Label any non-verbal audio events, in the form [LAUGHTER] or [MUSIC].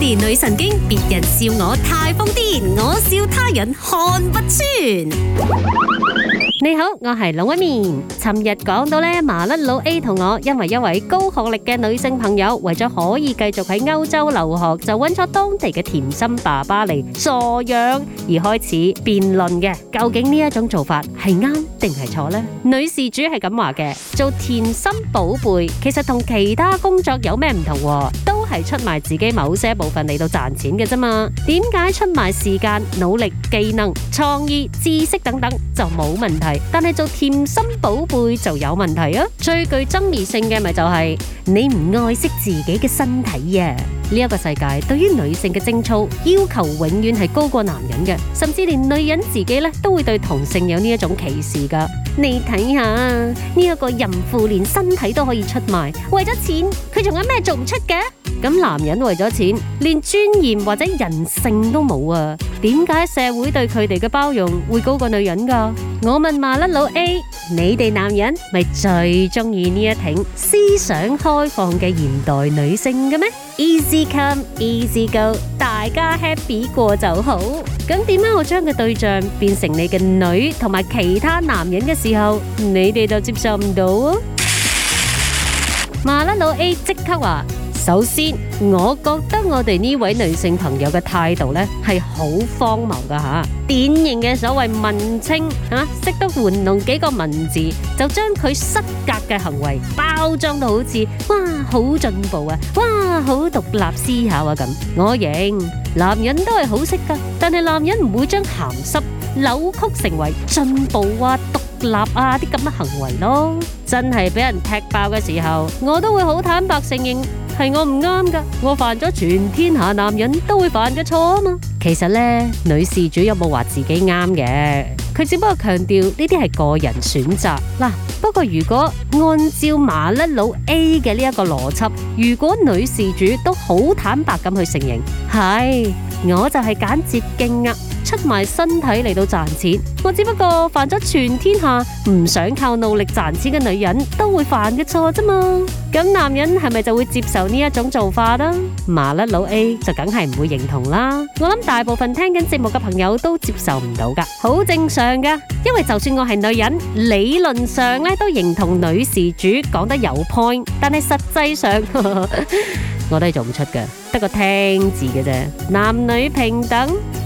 年女神經，別人笑我太瘋癲，我笑他人看不穿。你好，我係龍紋敏。尋日講到咧，麻甩佬 A 同我因為一位高學歷嘅女性朋友，為咗可以繼續喺歐洲留學，就揾咗當地嘅甜心爸爸嚟助養，而開始辯論嘅，究竟呢一種做法係啱定係錯呢？女事主係咁話嘅，做甜心寶貝其實同其他工作有咩唔同？都。係出賣自己某些部分嚟到賺錢嘅啫嘛？點解出賣時間、努力、技能、創意、知識等等就冇問題，但係做甜心寶貝就有問題啊？最具爭議性嘅咪就係、是、你唔愛惜自己嘅身體啊！呢、這、一個世界對於女性嘅貞操要求永遠係高過男人嘅，甚至連女人自己呢都會對同性有呢一種歧視噶。你睇下呢一個淫婦連身體都可以出賣，為咗錢佢仲有咩做唔出嘅？咁男人為咗錢，連尊嚴或者人性都冇啊？點解社會對佢哋嘅包容會高過女人㗎？我問麻甩佬 A，你哋男人咪最中意呢一挺思想開放嘅現代女性嘅咩？Easy come, easy go，大家 happy 過就好。咁點解我將個對象變成你嘅女同埋其他男人嘅時候，你哋就接受唔到？麻甩佬 A 即刻話。首先，我覺得我哋呢位女性朋友嘅態度呢係好荒謬㗎吓，啊，典型嘅所謂文青啊，識得玩弄幾個文字就將佢失格嘅行為包裝到好似哇，好進步啊，哇，好獨立思考啊咁。我認男人都係好識㗎，但係男人唔會將鹹濕扭曲成為進步啊、獨立啊啲咁嘅行為咯。真係俾人踢爆嘅時候，我都會好坦白承認。係我唔啱噶，我犯咗全天下男人都會犯嘅錯啊嘛。其實咧，女事主有冇話自己啱嘅？佢只不過強調呢啲係個人選擇。嗱、啊，不過如果按照麻甩佬 A 嘅呢一個邏輯，如果女事主都好坦白咁去承認，係我就係揀捷徑啊。出埋身體嚟到賺錢，我只不過犯咗全天下唔想靠努力賺錢嘅女人都會犯嘅錯啫嘛。咁男人係咪就會接受呢一種做法啦？麻甩佬 A 就梗係唔會認同啦。我諗大部分聽緊節目嘅朋友都接受唔到噶，好正常噶。因為就算我係女人，理論上咧都認同女事主講得有 point，但係實際上 [LAUGHS] 我都係做唔出嘅，得個聽字嘅啫。男女平等。